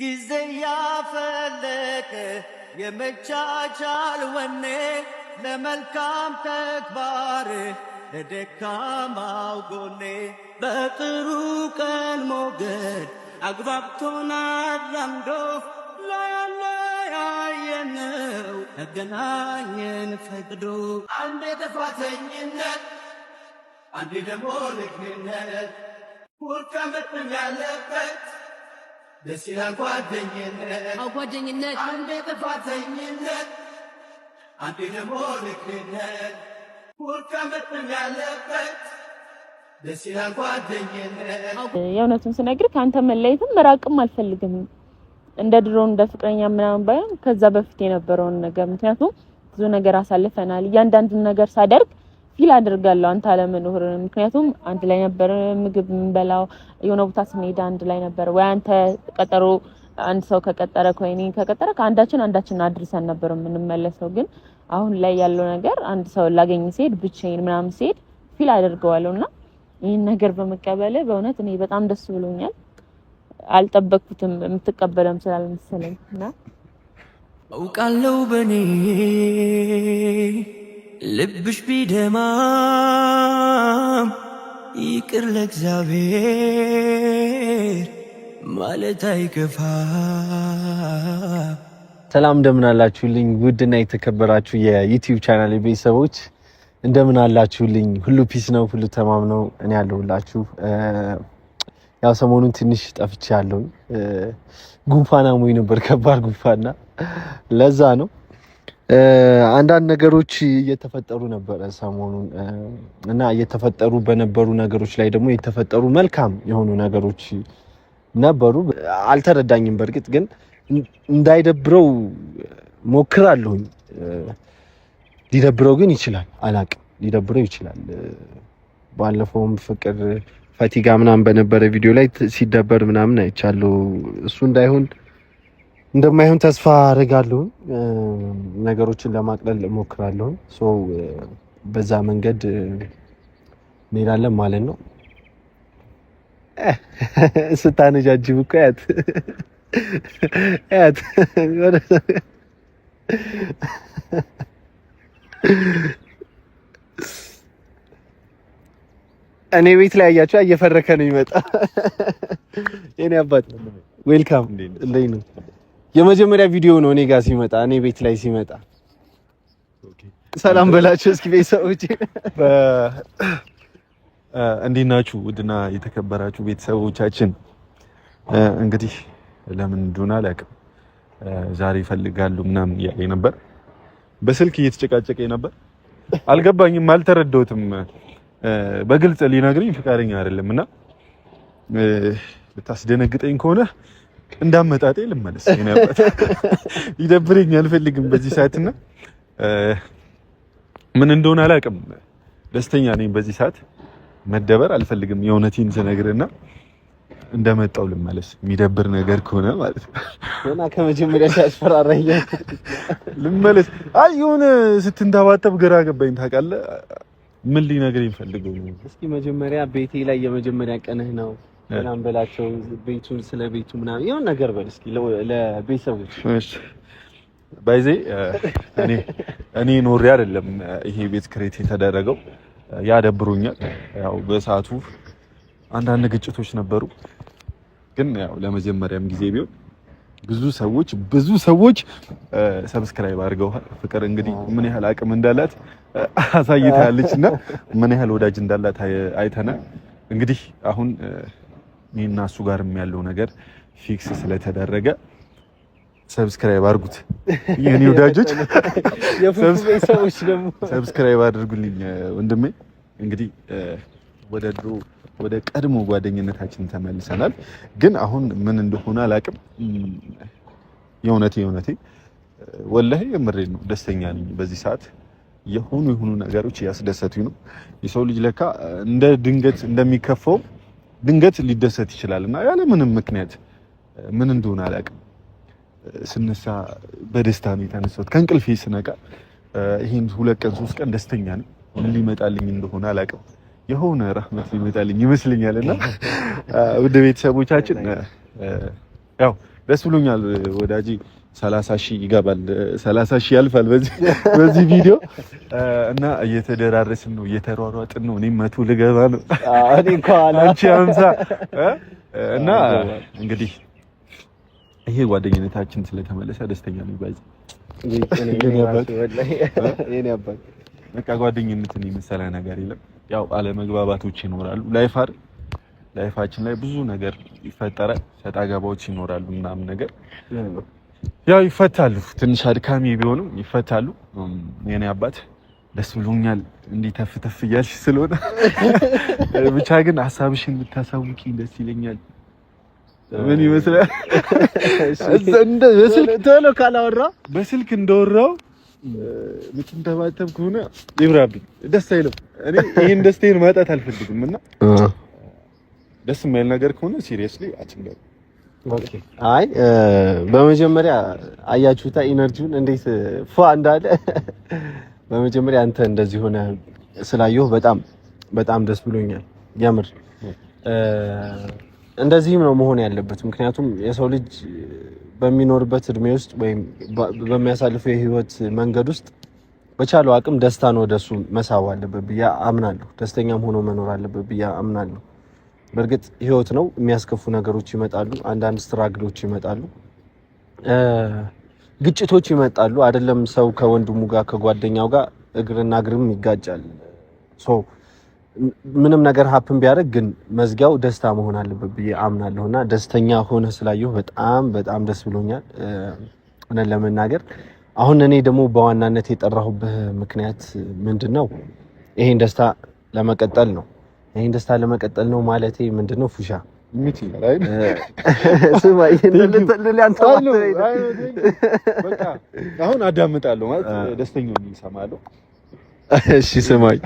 ጊዜ ያፈለቀ የመቻቻል ወኔ ለመልካም ተግባር ለደካማው ጎኔ በጥሩ ቀን ሞገድ አግባብቶን አራምዶ ላያለያየነው መገናኘን ፈቅዶ አንዴ ደግሞ ልክነት ያለበት ደስ ይላል ጓደኝነት ጓደኝነት አንዴ ጥፋተኝነት አንዴ ደግሞ ልክነት የእውነቱን ስነግር ከአንተ መለየትም መራቅም አልፈልግም። እንደ ድሮ እንደ ፍቅረኛ ምናምን ባይሆን ከዛ በፊት የነበረውን ነገር ምክንያቱም ብዙ ነገር አሳልፈናል። እያንዳንዱን ነገር ሳደርግ ፊል አድርጋለሁ አንተ አለመኖር። ምክንያቱም አንድ ላይ ነበር ምግብ የምንበላው፣ የሆነ ቦታ ስንሄድ አንድ ላይ ነበር። ወይ አንተ ቀጠሮ አንድ ሰው ከቀጠረ ኮይኒ ከቀጠረ ከአንዳችን አንዳችን አድርሰን ነበር የምንመለሰው። ግን አሁን ላይ ያለው ነገር አንድ ሰው ላገኝ ሲሄድ ብቻዬን ምናምን ሲሄድ ፊል አድርገዋለሁ እና ይህን ነገር በመቀበል በእውነት እኔ በጣም ደስ ብሎኛል። አልጠበቅኩትም የምትቀበለም ስላልመሰለኝ እና አውቃለሁ በእኔ ልብሽ ቢደማም ይቅር ለእግዚአብሔር ማለት አይከፋ። ሰላም እንደምን አላችሁልኝ? ውድና የተከበራችሁ የዩቲዩብ ቻናል ቤተሰቦች እንደምን አላችሁልኝ? ሁሉ ፒስ ነው፣ ሁሉ ተማም ነው። እኔ ያለሁላችሁ ያው ሰሞኑን ትንሽ ጠፍቻለሁ። ጉንፋን አሞኝ ነበር፣ ከባድ ጉንፋንና ለዛ ነው አንዳንድ ነገሮች እየተፈጠሩ ነበረ ሰሞኑን እና እየተፈጠሩ በነበሩ ነገሮች ላይ ደግሞ የተፈጠሩ መልካም የሆኑ ነገሮች ነበሩ። አልተረዳኝም። በእርግጥ ግን እንዳይደብረው ሞክራለሁኝ። ሊደብረው ግን ይችላል። አላቅም፣ ሊደብረው ይችላል። ባለፈውም ፍቅር ፈቲጋ ምናምን በነበረ ቪዲዮ ላይ ሲደበር ምናምን አይቻለሁ። እሱ እንዳይሆን እንደማይሆን ተስፋ አድርጋለሁ። ነገሮችን ለማቅለል እሞክራለሁ። በዛ መንገድ እንሄዳለን ማለት ነው። ስታነጃጅብ እኮ ያት ያት እኔ ቤት ላይ ያያችሁ እየፈረከ ነው ይመጣ። የኔ አባት ዌልካም እንደኝ ነው የመጀመሪያ ቪዲዮ ነው እኔ ጋር ሲመጣ እኔ ቤት ላይ ሲመጣ። ሰላም በላቸው እስኪ ቤተሰቦቼ። እንዴት ናችሁ? ውድና የተከበራችሁ ቤተሰቦቻችን እንግዲህ ለምን እንደሆነ አላውቅም ዛሬ ይፈልጋሉ ምናምን እያለኝ ነበር። በስልክ እየተጨቃጨቀኝ ነበር። አልገባኝም፣ አልተረዳሁትም። በግልጽ ሊነግረኝ ፈቃደኛ አይደለም እና ልታስደነግጠኝ ከሆነ እንዳመጣጤ ልመለስ ይደብረኝ አልፈልግም በዚህ ሰዓት እና ምን እንደሆነ አላውቅም። ደስተኛ ነኝ በዚህ ሰዓት መደበር አልፈልግም። የእውነቴን ስነግርና እንደመጣው ልመለስ የሚደብር ነገር ከሆነ ማለት ነው። ገና ከመጀመሪያ ሲያስፈራራኝ ልመለስ። አይ የሆነ ስትንተባተብ ግራ ገባኝ ታውቃለህ። ምን ሊነግረኝ ፈልገው ነው? እስኪ መጀመሪያ ቤቴ ላይ የመጀመሪያ ቀንህ ነው ምናምን በላቸው ቤቱን ስለ ቤቱ ምናምን ይሁን ነገር በል እስኪ ለቤተሰቦች። ባይዜ እኔ እኔ ኖሬ አይደለም ይሄ ቤት ክሬት የተደረገው ያደብሩኛል። ያው በሰዓቱ አንዳንድ ግጭቶች ነበሩ፣ ግን ያው ለመጀመሪያም ጊዜ ቢሆን ብዙ ሰዎች ብዙ ሰዎች ሰብስክራይብ አድርገዋል። ፍቅር እንግዲህ ምን ያህል አቅም እንዳላት አሳይታለች እና ምን ያህል ወዳጅ እንዳላት አይተናል። እንግዲህ አሁን እኔና እሱ ጋርም ያለው ነገር ፊክስ ስለተደረገ ሰብስክራይብ አድርጉት የኔ ወዳጆች፣ ሰብስክራይብ አድርጉልኝ ወንድሜ። እንግዲህ ወደ ድሮ ወደ ቀድሞ ጓደኝነታችን ተመልሰናል። ግን አሁን ምን እንደሆነ አላቅም። የእውነቴ የእውነቴ ወላሂ የምሬ ነው። ደስተኛ ነኝ። በዚህ ሰዓት የሆኑ የሆኑ ነገሮች እያስደሰቱኝ ነው። የሰው ልጅ ለካ እንደ ድንገት እንደሚከፈው ድንገት ሊደሰት ይችላል እና ያለ ምንም ምክንያት ምን እንደሆነ አላውቅም። ስነሳ በደስታ ነው የተነሳሁት። ከእንቅልፍ ስነቃ ይህን ሁለት ቀን ሶስት ቀን ደስተኛ ነው። ምን ሊመጣልኝ እንደሆነ አላውቅም። የሆነ ረህመት ሊመጣልኝ ይመስለኛል እና ውድ ቤተሰቦቻችን ያው ደስ ብሎኛል ወዳጅ 30 ሺህ ይገባል፣ ሰላሳ ሺህ ያልፋል በዚህ ቪዲዮ እና እየተደራረስን ነው፣ እየተሯሯጥን ነው። እኔም መቶ ልገባ ነው፣ አንቺ ሀምሳ እና እንግዲህ ይሄ ጓደኝነታችን ስለተመለሰ ደስተኛ ነው ባይ በቃ ጓደኝነትን የመሰለ ነገር የለም። ያው አለመግባባቶች ይኖራሉ ላይፍ አይደል ላይፋችን ላይ ብዙ ነገር ይፈጠራል፣ ሰጣ ገባዎች ይኖራሉ ምናምን ነገር ያው ይፈታሉ። ትንሽ አድካሚ ቢሆንም ይፈታሉ። የኔ አባት ደስ ብሎኛል እንዲህ ተፍ ተፍ እያልሽ ስለሆነ ብቻ ግን ሀሳብሽን ብታሳውቂ ደስ ይለኛል። ምን ይመስላል? ቶሎ ካላወራ በስልክ እንደወራው ምትንተባተብ ከሆነ ይብራብኝ፣ ደስ አይለም እኔ ይህን ደስታዬን ማጣት አልፈልግም እና ደስ የማይል ነገር ከሆነ ሲሪየስሊ አትንገሩ። አይ በመጀመሪያ አያችሁታ ኢነርጂውን እንዴት ፏ እንዳለ። በመጀመሪያ አንተ እንደዚህ ሆነ ስላየሁ በጣም በጣም ደስ ብሎኛል። የምር እንደዚህም ነው መሆን ያለበት። ምክንያቱም የሰው ልጅ በሚኖርበት እድሜ ውስጥ ወይም በሚያሳልፈው የህይወት መንገድ ውስጥ በቻለው አቅም ደስታን ወደሱ መሳብ አለበት ብዬ አምናለሁ። ደስተኛም ሆኖ መኖር አለበት ብዬ አምናለሁ። በእርግጥ ህይወት ነው። የሚያስከፉ ነገሮች ይመጣሉ። አንዳንድ ስትራግሎች ይመጣሉ። ግጭቶች ይመጣሉ። አይደለም ሰው ከወንድሙ ጋር ከጓደኛው ጋር እግርና እግርም ይጋጫል። ምንም ነገር ሀፕን ቢያደርግ ግን መዝጊያው ደስታ መሆን አለበት ብዬ አምናለሁ እና ደስተኛ ሆነ ስላየሁ በጣም በጣም ደስ ብሎኛል። እውነት ለመናገር አሁን እኔ ደግሞ በዋናነት የጠራሁበት ምክንያት ምንድን ነው? ይሄን ደስታ ለመቀጠል ነው። ይህን ደስታ ለመቀጠል ነው ማለት ምንድን ነው ፉሻ አሁን አዳምጣለሁ ማለት ደስተኛው ይሰማለሁ። እሺ ስማኝ፣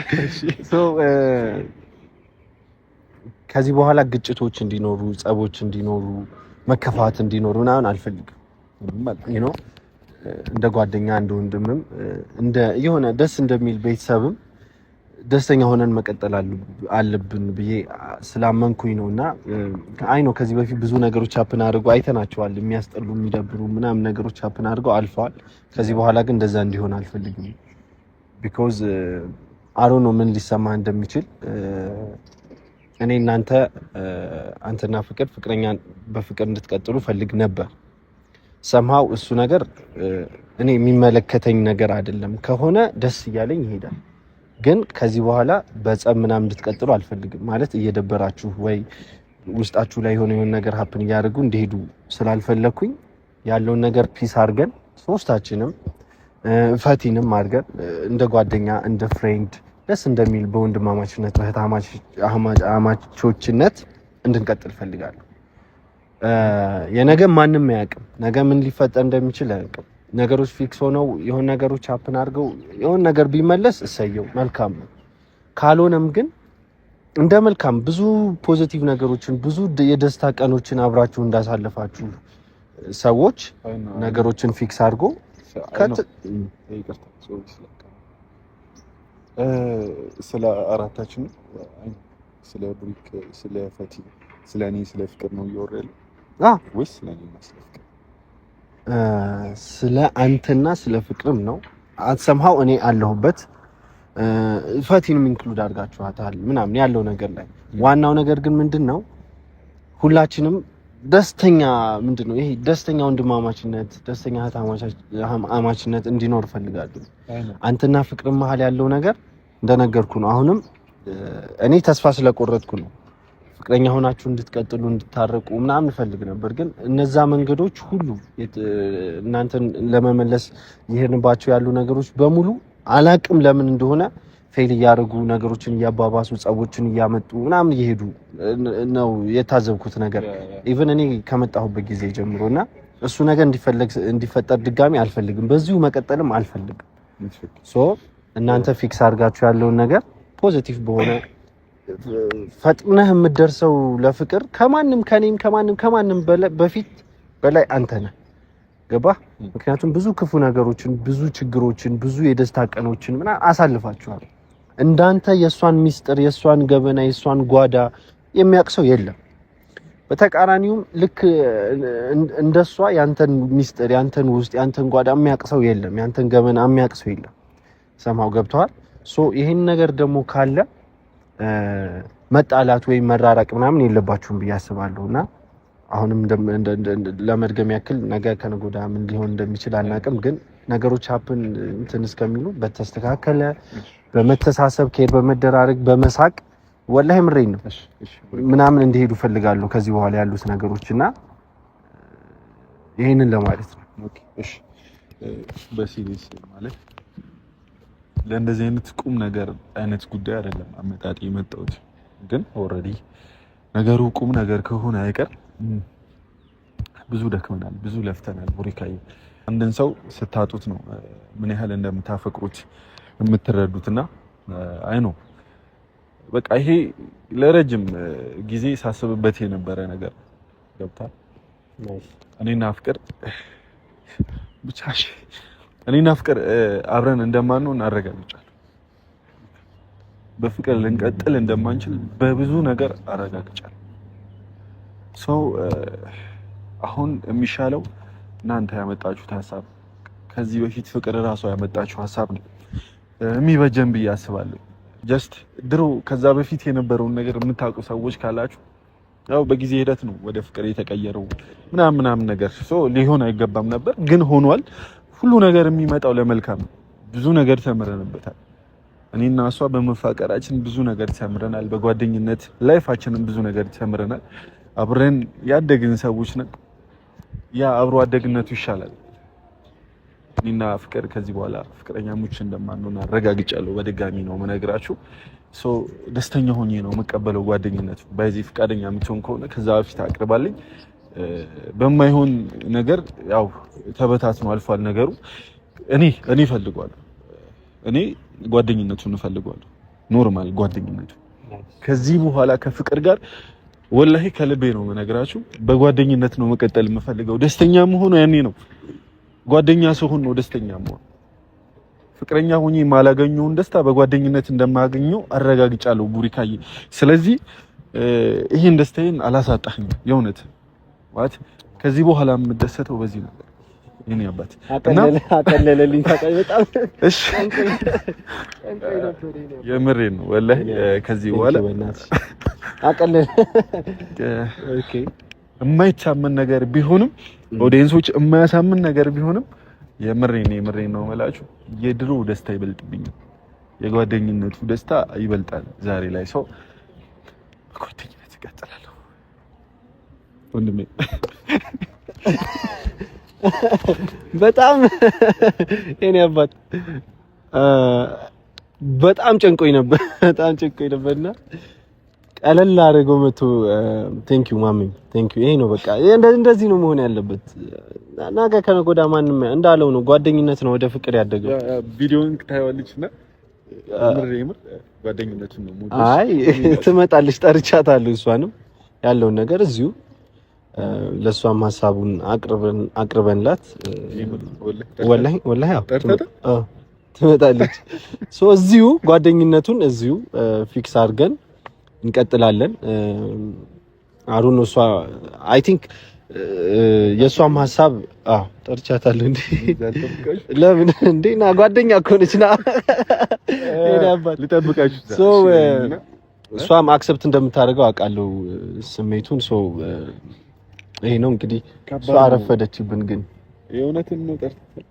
ከዚህ በኋላ ግጭቶች እንዲኖሩ፣ ጸቦች እንዲኖሩ፣ መከፋት እንዲኖሩ ምናምን አልፈልግም። እንደ ጓደኛ እንደ ወንድምም የሆነ ደስ እንደሚል ቤተሰብም ደስተኛ ሆነን መቀጠል አለብን ብዬ ስላመንኩኝ ነው። እና አይ ነው ከዚህ በፊት ብዙ ነገሮች ሀፕን አድርገው አይተናቸዋል። የሚያስጠሉ የሚደብሩ ምናምን ነገሮች ሀፕን አድርገው አልፈዋል። ከዚህ በኋላ ግን እንደዛ እንዲሆን አልፈልግም። ቢኮዝ አሮ ነው ምን ሊሰማ እንደሚችል እኔ እናንተ አንተና ፍቅር ፍቅረኛ በፍቅር እንድትቀጥሉ ፈልግ ነበር። ሰምሃው እሱ ነገር እኔ የሚመለከተኝ ነገር አይደለም። ከሆነ ደስ እያለኝ ይሄዳል ግን ከዚህ በኋላ በጸብ ምናምን እንድትቀጥሉ አልፈልግም። ማለት እየደበራችሁ ወይ ውስጣችሁ ላይ የሆነ የሆነ ነገር ሀፕን እያደርጉ እንዲሄዱ ስላልፈለግኩኝ ያለውን ነገር ፒስ አድርገን ሶስታችንም ፈቲንም አድርገን እንደ ጓደኛ እንደ ፍሬንድ ደስ እንደሚል በወንድማማችነት እህትማማቾችነት እንድንቀጥል እፈልጋለሁ። የነገ ማንም አያውቅም፣ ነገ ምን ሊፈጠር እንደሚችል አያውቅም። ነገሮች ፊክስ ሆነው የሆን ነገሮች ሀፕን አድርገው የሆን ነገር ቢመለስ እሰየው መልካም ነው። ካልሆነም ግን እንደ መልካም ብዙ ፖዚቲቭ ነገሮችን ብዙ የደስታ ቀኖችን አብራችሁ እንዳሳለፋችሁ ሰዎች ነገሮችን ፊክስ አድርጎ ስለ አራታችን ስለ ብሪክ፣ ስለ ፈቲ፣ ስለ እኔ፣ ስለ ፍቅር ነው እያወራ ያለ ወይስ ስለ እኔ ስለ አንተና ስለ ፍቅርም ነው አትሰምሃው እኔ አለሁበት ፈቲንም ኢንክሉድ አድርጋችኋታል ምናምን ያለው ነገር ላይ ዋናው ነገር ግን ምንድን ነው ሁላችንም ደስተኛ ምንድን ነው ይሄ ደስተኛ ወንድማማችነት ደስተኛ አማችነት እንዲኖር እፈልጋለሁ። አንተና ፍቅር መሀል ያለው ነገር እንደነገርኩ ነው። አሁንም እኔ ተስፋ ስለቆረጥኩ ነው ፍቅረኛ ሆናችሁ እንድትቀጥሉ እንድታረቁ ምናምን እንፈልግ ነበር። ግን እነዛ መንገዶች ሁሉ እናንተን ለመመለስ ይሄንባቸው ያሉ ነገሮች በሙሉ አላቅም ለምን እንደሆነ ፌል እያደረጉ ነገሮችን እያባባሱ ጸቦችን እያመጡ ምናምን እየሄዱ ነው የታዘብኩት ነገር ኢቨን እኔ ከመጣሁበት ጊዜ ጀምሮ እና እሱ ነገር እንዲፈጠር ድጋሚ አልፈልግም። በዚሁ መቀጠልም አልፈልግም። ሶ እናንተ ፊክስ አድርጋችሁ ያለውን ነገር ፖዘቲቭ በሆነ ፈጥነህ የምትደርሰው ለፍቅር ከማንም ከኔም ከማንም ከማንም በፊት በላይ አንተ ነህ። ገባ? ምክንያቱም ብዙ ክፉ ነገሮችን፣ ብዙ ችግሮችን፣ ብዙ የደስታ ቀኖችን ምና አሳልፋችኋል። እንዳንተ የእሷን ሚስጥር፣ የእሷን ገበና፣ የእሷን ጓዳ የሚያውቅ ሰው የለም። በተቃራኒውም ልክ እንደሷ ያንተን ሚስጥር፣ ያንተን ውስጥ፣ ያንተን ጓዳ የሚያውቅ ሰው የለም። ያንተን ገበና የሚያውቅ ሰው የለም። ሰማው ገብተዋል። ሶ ይሄን ነገር ደግሞ ካለ መጣላት ወይም መራራቅ ምናምን የለባችሁም ብዬ አስባለሁ እና አሁንም ለመድገም ያክል ነገ ከነገ ወዲያ ምን ሊሆን እንደሚችል አናውቅም፣ ግን ነገሮች ሀፕን እንትን እስከሚሉ በተስተካከለ በመተሳሰብ ከሄድ በመደራረግ በመሳቅ ወላሂ ምሬን ነው ምናምን እንዲሄዱ ፈልጋለሁ ከዚህ በኋላ ያሉት ነገሮች እና ይህንን ለማለት ነው። በሲሪስ ማለት ለእንደዚህ አይነት ቁም ነገር አይነት ጉዳይ አይደለም አመጣጤ የመጣሁት። ግን ኦልሬዲ ነገሩ ቁም ነገር ከሆነ አይቀር ብዙ ደክመናል፣ ብዙ ለፍተናል። ቡሪካዬ አንድን ሰው ስታጡት ነው ምን ያህል እንደምታፈቅሩት የምትረዱትና አይ ነው በቃ ይሄ ለረጅም ጊዜ ሳስብበት የነበረ ነገር ገብታል። እኔና ፍቅር ብቻ እኔና ፍቅር አብረን እንደማንሆን አረጋግጫለሁ። በፍቅር ልንቀጥል እንደማንችል በብዙ ነገር አረጋግጫለሁ። ሰው አሁን የሚሻለው እናንተ ያመጣችሁት ሀሳብ ከዚህ በፊት ፍቅር እራሷ ያመጣችው ሀሳብ ነው የሚበጀን ብዬ አስባለሁ። ጀስት ድሮ ከዛ በፊት የነበረውን ነገር የምታውቁ ሰዎች ካላችሁ ያው በጊዜ ሂደት ነው ወደ ፍቅር የተቀየረው ምናምን ምናምን ነገር ሊሆን አይገባም ነበር፣ ግን ሆኗል። ሁሉ ነገር የሚመጣው ለመልካም ብዙ ነገር ተምረንበታል። እኔና እሷ በመፋቀራችን ብዙ ነገር ተምረናል። በጓደኝነት ላይፋችንም ብዙ ነገር ተምረናል። አብረን ያደግን ሰዎች ነን። ያ አብሮ አደግነቱ ይሻላል። እኔና ፍቅር ከዚህ በኋላ ፍቅረኛሞች እንደማንሆን አረጋግጫለሁ። በድጋሚ ነው የምነግራችሁ። ደስተኛ ሆኜ ነው የምቀበለው ጓደኝነቱ። በዚህ ፈቃደኛ የምትሆን ከሆነ ከዛ በፊት አቅርባልኝ በማይሆን ነገር ያው ተበታትኖ አልፏል ነገሩ። እኔ እኔ እፈልገዋለሁ እኔ ጓደኝነቱን እፈልገዋለሁ። ኖርማል ጓደኝነቱ ከዚህ በኋላ ከፍቅር ጋር ወላሂ ከልቤ ነው የምነግራችሁ። በጓደኝነት ነው መቀጠል የምፈልገው። ደስተኛ መሆኑ ያኔ ነው። ጓደኛ ስሆን ነው ደስተኛ መሆኑ። ፍቅረኛ ሆኜ የማላገኘውን ደስታ በጓደኝነት እንደማገኘው አረጋግጫለሁ ቡሪካዬ። ስለዚህ ይህን ደስታዬን አላሳጣህም የእውነት ማለት ከዚህ በኋላ የምደሰተው በዚህ ነው። ይሄን ያባት አጠለለልኝ። ታውቃለህ በጣም እሺ፣ የምሬን ነው ወላሂ። ከዚህ በኋላ አጠለለ ኦኬ። የማይታመን ነገር ቢሆንም ኦዲየንሶች፣ የማያሳምን ነገር ቢሆንም የምሬን የምሬን ነው መላችሁ። የድሮ ደስታ ይበልጥብኛል። የጓደኝነቱ ደስታ ይበልጣል። ዛሬ ላይ ሰው ጓደኝነት ይቀጥላል። ወንድሜ በጣም የኔ አባት በጣም ጨንቆኝ ነበር፣ በጣም ጨንቆኝ ነበርና ቀለል አድርጎ መቶ ቴንኪዩ ማሚ ዩ ይሄ ነው በቃ እንደዚህ ነው መሆን ያለበት። ነገ ከነገ ወዲያ ማንም እንዳለው ነው፣ ጓደኝነት ነው ወደ ፍቅር ያደገው። ቪዲዮን ታይዋለች እና ጓደኝነቱን ነው። አይ ትመጣለች፣ ጠርቻታለሁ እሷንም ያለውን ነገር እዚሁ ለእሷም ሀሳቡን አቅርበንላት ወላሂ ትመጣለች። እዚሁ ጓደኝነቱን እዚሁ ፊክስ አድርገን እንቀጥላለን። አሩን እሷ አይ ቲንክ የእሷም ሀሳብ ጠርቻታለሁ። እንደ ለምን እንደ ና ጓደኛ እኮ ነች ና ልጠብቃችሁ። እሷም አክሰፕት እንደምታደርገው አውቃለሁ ስሜቱን ይሄ ነው እንግዲህ። እሷ አረፈደችብን። ግን የእውነትን ነው ጠርተህ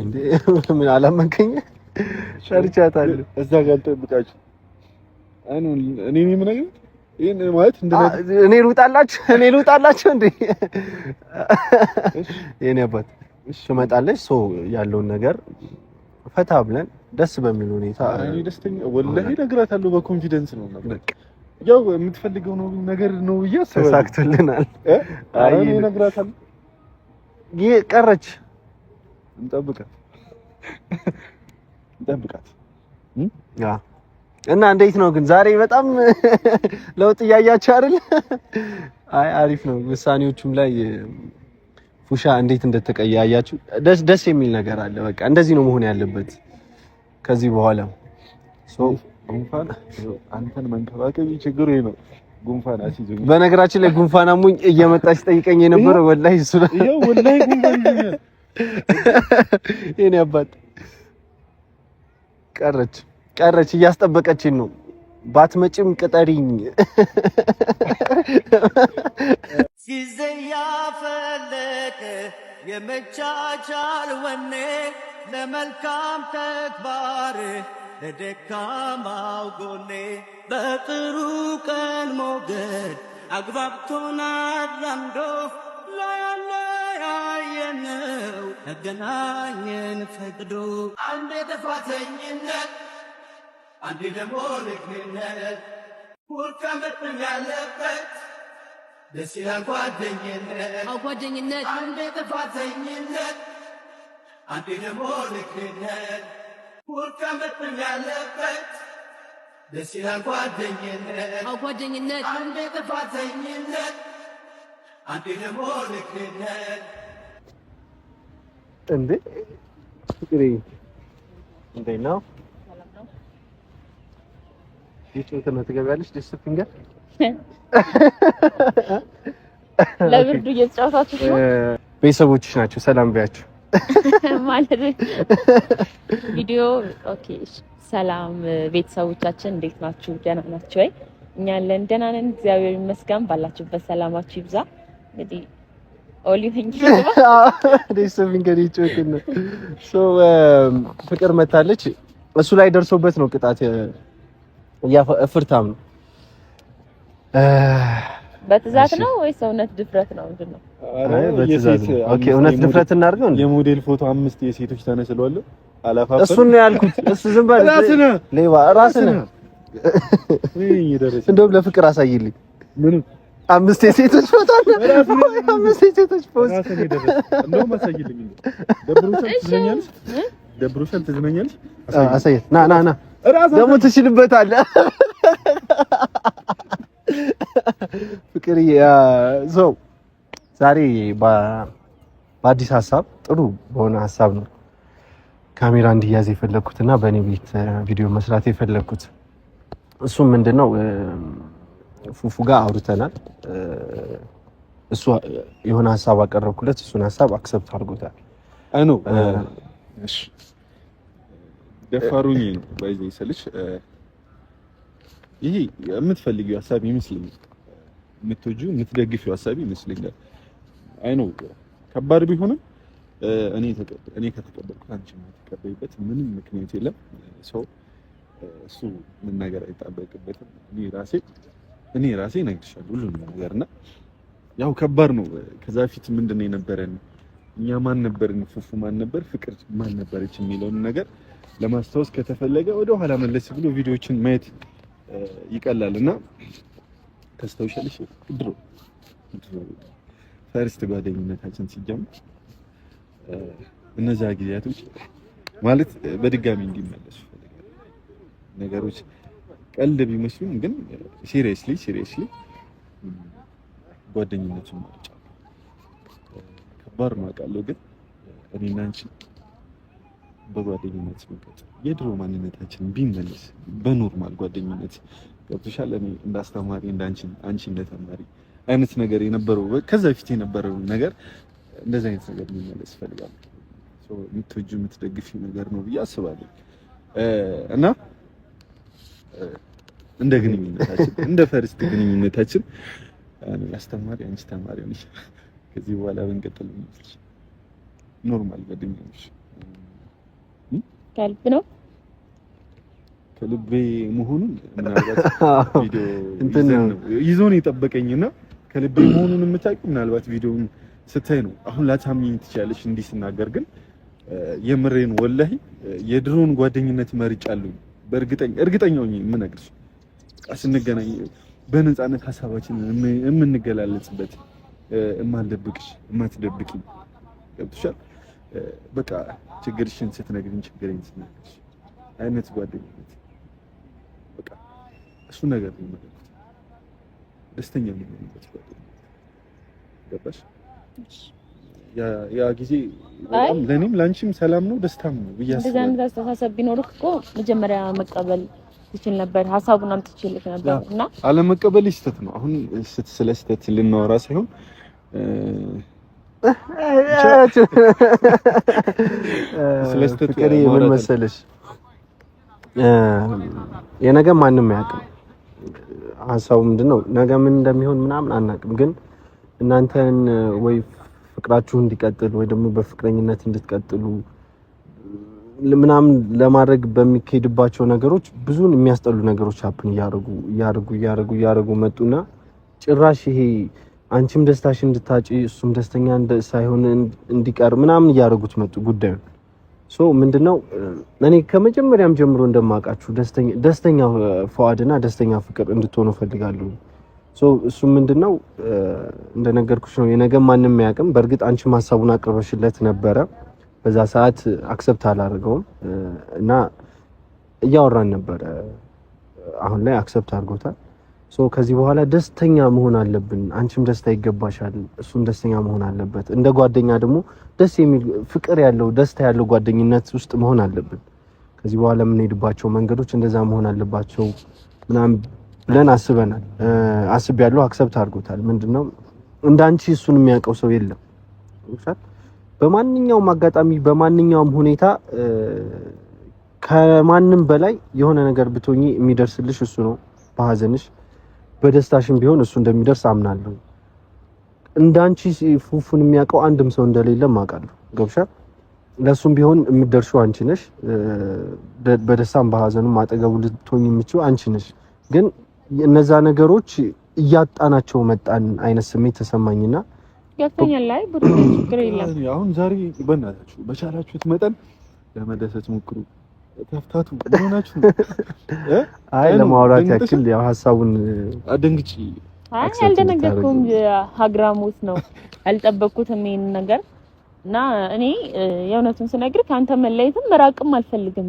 ምን አላመንከኝ ጨርቻታለሁ። እዛ ጋር ልጠብቃችሁ። እኔ ምን የምነግርህ ይሄን ማለት እኔ ልውጣላችሁ፣ እኔ ልውጣላችሁ። እንዴ የእኔ አባት ትመጣለች። ሰው ያለውን ነገር ፈታ ብለን ደስ በሚል ሁኔታ እኔ ደስተኛ ወላሂ እነግራታለሁ። በኮንፊደንስ ነው በቃ ያው የምትፈልገው ነው ነገር ነው ብዬ ሰው ተሳክቶልናል። አይ እነግራታለሁ። ይሄ ቀረች፣ እንጠብቃት እንጠብቃት። እና እንዴት ነው ግን ዛሬ በጣም ለውጥ እያያችሁ አይደል? አይ አሪፍ ነው። ውሳኔዎቹም ላይ ፉሻ እንዴት እንደተቀያያችሁ ደስ ደስ የሚል ነገር አለ። በቃ እንደዚህ ነው መሆን ያለበት ከዚህ በኋላ ጉንፋን አንተን መንከባከብ ችግሩ ነው። ጉንፋን አሲዞኝ በነገራችን ላይ ጉንፋን አሞኝ እየመጣ ሲጠይቀኝ የነበረ ወላሂ እሱ ነው። ይሄ ወላሂ ጉንፋን ይሄ የእኔ አባት ቀረች ቀረች እያስጠበቀችኝ ነው። ባትመጭም ቅጠሪኝ ሲዘያ ፈለቀ የመቻቻል ወኔ ለመልካም ተግባር ለደካማው ጎኔ በጥሩ ቀን ሞገድ አግባብቶን አራምዶ ላያለያየነው መገናኘን ፈቅዶ አንዴ ጥፋተኝነት አንድ ደግሞ ልክነት ውርቅ ምጥም ያለበት ደስ ይላል ጓደኝነት ጓደኝነት አንዴ ጥፋተኝነት አንዴ ደግሞ ልክነት ውድቀት ደስ ይላል ጓደኝነት ጓደኝነት አንዴ ጥፋተኝነት አንዴ ደግሞ ልክነት እንዴ ፍቅሬ ነው? ነው ትገቢያለሽ? ደስ ለብርዱ እየተጫወታችሁ ቤተሰቦችሽ ናቸው። ሰላም በያቸው። ማለት ቪዲዮ ኦኬ። ሰላም ቤተሰቦቻችን እንዴት ናችሁ? ደህና ናችሁ ወይ? እኛ ያለን ደህና ነን፣ እግዚአብሔር ይመስገን። ባላችሁበት ሰላማችሁ ይብዛ። እንግዲህ ፍቅር መታለች። እሱ ላይ ደርሶበት ነው ቅጣት እፍርታም ነው። በትዕዛዝ ነው ድፍረት ነው? ምንድን ነው? እውነት ድፍረት እናድርገው። የሞዴል ፎቶ አምስት የሴቶች ተነስሏል። እሱን ነው ያልኩት። እሱ ዝም በል ሌባ፣ ራስን እንደውም ለፍቅር አሳይልኝ። አምስት የሴቶች ፎቶ አምስት የሴቶች ፎቶ ደብሮሻል? ትዝናኛለሽ? አሳየት። ና ና ና፣ ደግሞ ትችልበታለህ ፍቅርዬ ሰው ዛሬ በአዲስ ሀሳብ ጥሩ በሆነ ሀሳብ ነው ካሜራ እንዲያዝ የፈለግኩት እና በእኔ ቤት ቪዲዮ መስራት የፈለግኩት። እሱም ምንድን ነው ፉፉ ጋር አውርተናል። እሱ የሆነ ሀሳብ አቀረብኩለት፣ እሱን ሀሳብ አክሰብት አድርጎታል። አይኖ ደፋሩኝ ነው ባይዘኝ ስልሽ ይሄ የምትፈልጊው ሀሳብ ይመስለኛል፣ የምትወጂው የምትደግፊው ሀሳብ ይመስለኛል አይ ነው ከባድ ቢሆንም እኔ ተቀበል እኔ ከተቀበልኩ አንቺ የማትቀበይበት ምንም ምክንያት የለም። ሰው እሱ መናገር አይጠበቅበትም። እኔ ራሴ እኔ ራሴ እነግርሻለሁ ሁሉንም ነገር እና ያው ከባድ ነው። ከዛ ፊት ምንድን ነው የነበረን እኛ ማን ነበርን፣ ፉፉ ማን ነበር፣ ፍቅር ማን ነበረች የሚለውን ነገር ለማስታወስ ከተፈለገ ወደ ኋላ መለስ ብሎ ቪዲዮዎችን ማየት ይቀላል እና ታስታውሻለሽ ድሮ ፈርስት ጓደኝነታችን ሲጀምር እነዚያ ጊዜያቶች ማለት በድጋሚ እንዲመለሱ ነገሮች ቀልድ ቢመስሉም ግን ሲሪየስሊ ሲሪየስሊ ጓደኝነቱን ማጫ ከባድ ማውቃለሁ፣ ግን እኔና አንቺ በጓደኝነት መቀጥ የድሮ ማንነታችን ቢመለስ በኖርማል ጓደኝነት ገብቶሻል። እኔ እንዳስተማሪ እንዳንቺ አንቺ እንደተማሪ አይነት ነገር የነበረው ከዛ በፊት የነበረው ነገር እንደዚህ አይነት ነገር የሚመለስ እፈልጋለሁ። የምትወጁ የምትደግፊ ነገር ነው ብዬ አስባለሁ እና እንደ ግንኙነታችን እንደ ፈርስት ግንኙነታችን አስተማሪ አንቺ ተማሪ ነሽ። ከዚህ በኋላ ብንቀጥል ኖርማል ጓደኛሽ ከልብ ነው ከልቤ መሆኑን ምናልባት ቪዲዮ ይዞን የጠበቀኝና ከልቤ መሆኑን የምታውቂው ምናልባት ቪዲዮውን ስታይ ነው። አሁን ላታምኚኝ ትችያለሽ እንዲህ ስናገር፣ ግን የምሬን ወላሂ የድሮን ጓደኝነት መርጫለሁ። በእርግጠኝ እርግጠኛ ሆኜ የምነግርሽ ስንገናኝ በነፃነት ሀሳባችንን የምንገላለጽበት የማልደብቅሽ የማትደብቂ ገብቶሻል። በቃ ችግርሽን ስትነግሪኝ ችግርኝ ስትነግሪኝ አይነት ጓደኝነት በቃ እሱ ነገር ነው። ደስተኛ የሚሆንበት ገባሽ? ያ ጊዜ በጣም ለኔም ለአንቺም ሰላም ነው ደስታም ነው ብዬ አስባለሁ። እንደዛ አስተሳሰብ ቢኖርህ እኮ መጀመሪያ መቀበል ትችል ነበር፣ ሀሳቡን አምጥቼልህ ነበር። እና አለመቀበል ስህተት ነው። አሁን ስለ ስህተት ልናወራ ሳይሆን ስለ ስህተት ፍቅር ምን መሰለሽ፣ የነገ ማንም አያውቅም ሀሳቡ ምንድን ነው? ነገ ምን እንደሚሆን ምናምን አናቅም፣ ግን እናንተን ወይ ፍቅራችሁ እንዲቀጥል ወይ ደግሞ በፍቅረኝነት እንድትቀጥሉ ምናምን ለማድረግ በሚካሄድባቸው ነገሮች ብዙን የሚያስጠሉ ነገሮች አፕን እያደረጉ እያደረጉ እያደረጉ እያደረጉ መጡና ጭራሽ ይሄ አንቺም ደስታሽ እንድታጪ እሱም ደስተኛ ሳይሆን እንዲቀር ምናምን እያደረጉት መጡ ጉዳዩን ሶ ምንድነው እኔ ከመጀመሪያም ጀምሮ እንደማውቃችሁ ደስተኛ ፈዋድና ደስተኛ ፍቅር እንድትሆኑ ፈልጋለሁ። እሱ ምንድነው እንደነገርኩሽ ነው። የነገ ማንም አያውቅም። በእርግጥ አንቺ ሀሳቡን አቅርበሽለት ነበረ። በዛ ሰዓት አክሰፕት አላደርገውም እና እያወራን ነበረ። አሁን ላይ አክሰፕት አድርጎታል። ከዚህ በኋላ ደስተኛ መሆን አለብን። አንቺም ደስታ ይገባሻል፣ እሱም ደስተኛ መሆን አለበት። እንደ ጓደኛ ደግሞ ደስ የሚል ፍቅር ያለው ደስታ ያለው ጓደኝነት ውስጥ መሆን አለብን። ከዚህ በኋላ የምንሄድባቸው መንገዶች እንደዛ መሆን አለባቸው ምናምን ብለን አስበናል። አስብ ያለው አክሰብት አድርጎታል። ምንድነው እንደ አንቺ እሱን የሚያውቀው ሰው የለም። በማንኛውም አጋጣሚ በማንኛውም ሁኔታ ከማንም በላይ የሆነ ነገር ብትሆኚ የሚደርስልሽ እሱ ነው በሀዘንሽ በደስታሽም ቢሆን እሱ እንደሚደርስ አምናለሁ። እንዳንቺ ፉፉን የሚያውቀው አንድም ሰው እንደሌለም አውቃለሁ። ገብሻ ለእሱም ቢሆን የምትደርሺው አንቺ ነሽ። በደስታም በሀዘኑም አጠገቡ ልትሆኝ የምችው አንቺ ነሽ። ግን እነዛ ነገሮች እያጣናቸው መጣን አይነት ስሜት ተሰማኝና ያተኛል ላይ ችግር የለም። አሁን ዛሬ በናታችሁ በቻላችሁት መጠን ለመደሰት ሞክሩ። ተፍታቱ ሆናችሁ አይ ለማውራት ያክል ያው ሀሳቡን አደንግጭ አይ አልደነገጥኩም። ሀግራሞት ነው አልጠበቅኩትም ይሄን ነገር እና እኔ የእውነቱን ስነግር ከአንተ መለየትም መራቅም አልፈልግም።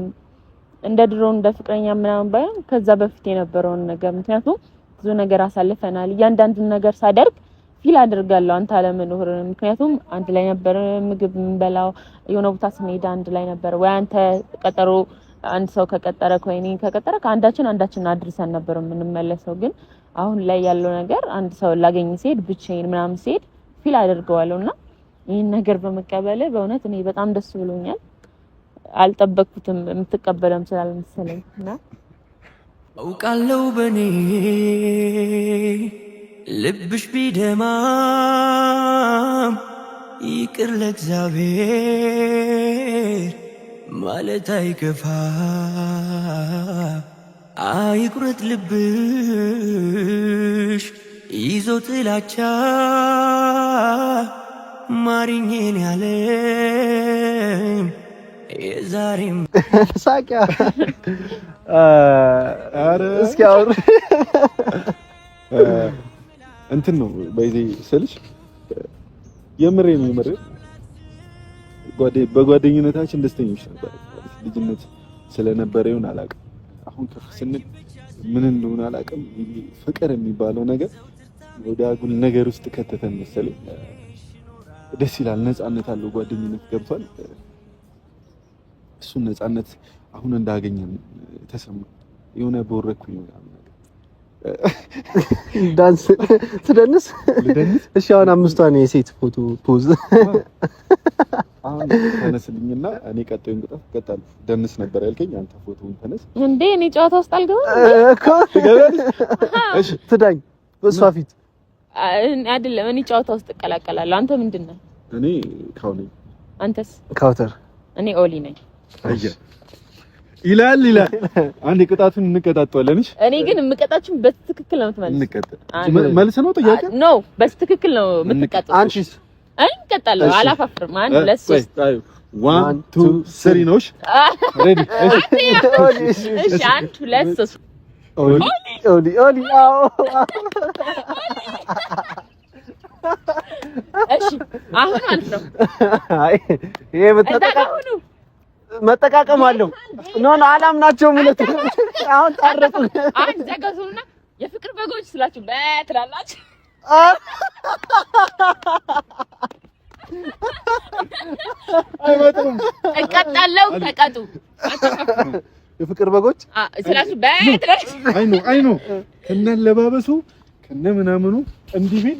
እንደ ድሮ እንደ ፍቅረኛ ምናምን ባይሆን ከዛ በፊት የነበረውን ነገር ምክንያቱም ብዙ ነገር አሳልፈናል። እያንዳንዱን ነገር ሳደርግ ፊል አድርጋለሁ አንተ አለመኖር። ምክንያቱም አንድ ላይ ነበር ምግብ የምንበላው፣ የሆነ ቦታ ስንሄድ አንድ ላይ ነበር። ወይ አንተ ቀጠሮ አንድ ሰው ከቀጠረ ከወይኔ ከቀጠረ ከአንዳችን አንዳችን አድርሰን ነበር የምንመለሰው። ግን አሁን ላይ ያለው ነገር አንድ ሰው ላገኝ ሲሄድ ብቻዬን ምናምን ሲሄድ ፊል አድርገዋለሁ እና ይህን ነገር በመቀበል በእውነት እኔ በጣም ደስ ብሎኛል። አልጠበቅኩትም የምትቀበለም ስላልመሰለኝ እና አውቃለሁ በኔ ልብሽ ቢደማም ይቅር ለእግዚአብሔር ማለት አይከፋ። አይቁረት ልብሽ ይዞ ጥላቻ ማሪኝን ያለ የዛሬም ሳቂያ እስኪ አውር እንትን ነው በዚህ ስልሽ የምሬ ነው የምሬ ጓዴ በጓደኝነታችን ደስተኞች ነበር። ልጅነት ስለነበረ ይሁን አላውቅም። አሁን ከፍ ስንል ምን እንደሆነ አላውቅም። ፍቅር የሚባለው ነገር ወደ አጉል ነገር ውስጥ ከተተን መሰለኝ። ደስ ይላል። ነፃነት አለው ጓደኝነት ገብቷል። እሱን ነፃነት አሁን እንዳገኘን ተሰማ የሆነ በወረኩኝ ምናምን ዳንስ ትደንስ። እሺ አሁን አምስቷን የሴት ፎቶ ፖዝ ተነስልኝና እኔ ቀጣዩን ቅጣት ደንስ ነበር ያልከኝ አንተ ፎቶውን ተነስ እንዴ። እኔ ጨዋታ ውስጥ አልገባም እኮ ትዳኝ ፊት አይደለም። እኔ ጨዋታ ውስጥ እቀላቀላለሁ። አንተ ምንድን ነህ? እኔ ካው ነኝ። አንተስ? ካውተር። እኔ ኦሊ ነኝ። አየህ ይላል ይላል። አንድ ቅጣቱን እንቀጣጣለን። እሺ እኔ ግን የምቀጣችሁን በትክክል ነው የምትመልስ። መልስ ነው ጥያቄ ነው። በትክክል ነው የምትቀጣው። አንቺስ? አይ እንቀጣለሁ፣ አላፋፍርም። አንድ ሁለት ዋን ቱ ስሪ ነው። እሺ ሬዲ? እሺ አንድ ሁለት ኦሊ ኦሊ ኦሊ አዎ እሺ አሁን ማለት አይ ይሄ ብትጠቃ መጠቃቀም አለው። ኖ ኖ አላምናቸውም። እውነት አሁን ታረቁ። አንድ ዘገዙና የፍቅር በጎች ስላችሁ በትላላችሁ። አይመጡም። እቀጣለሁ። ተቀጡ። የፍቅር በጎች ስላችሁ በትላላችሁ። አይ ነው አይ ነው ከነ ለባበሱ ከነ ምናምኑ እንዲህ ቢል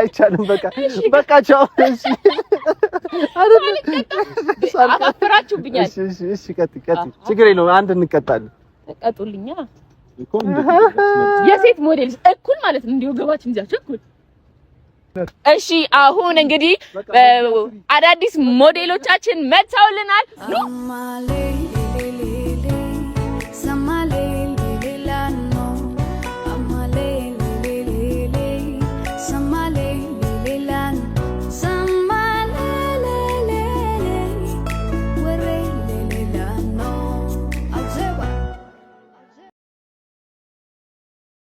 አይቻልም። በቃ በቃ ቻው። እሺ፣ አካፍራችሁብኛል። ችግር የለውም። አንድ እንቀጣለን። ቀጡልኛ የሴት ሞዴል እኩል ማለት ነው። እንዲሁ ገባችሁ ይዛችሁ እኩል። እሺ፣ አሁን እንግዲህ አዳዲስ ሞዴሎቻችን መጥተውልናል።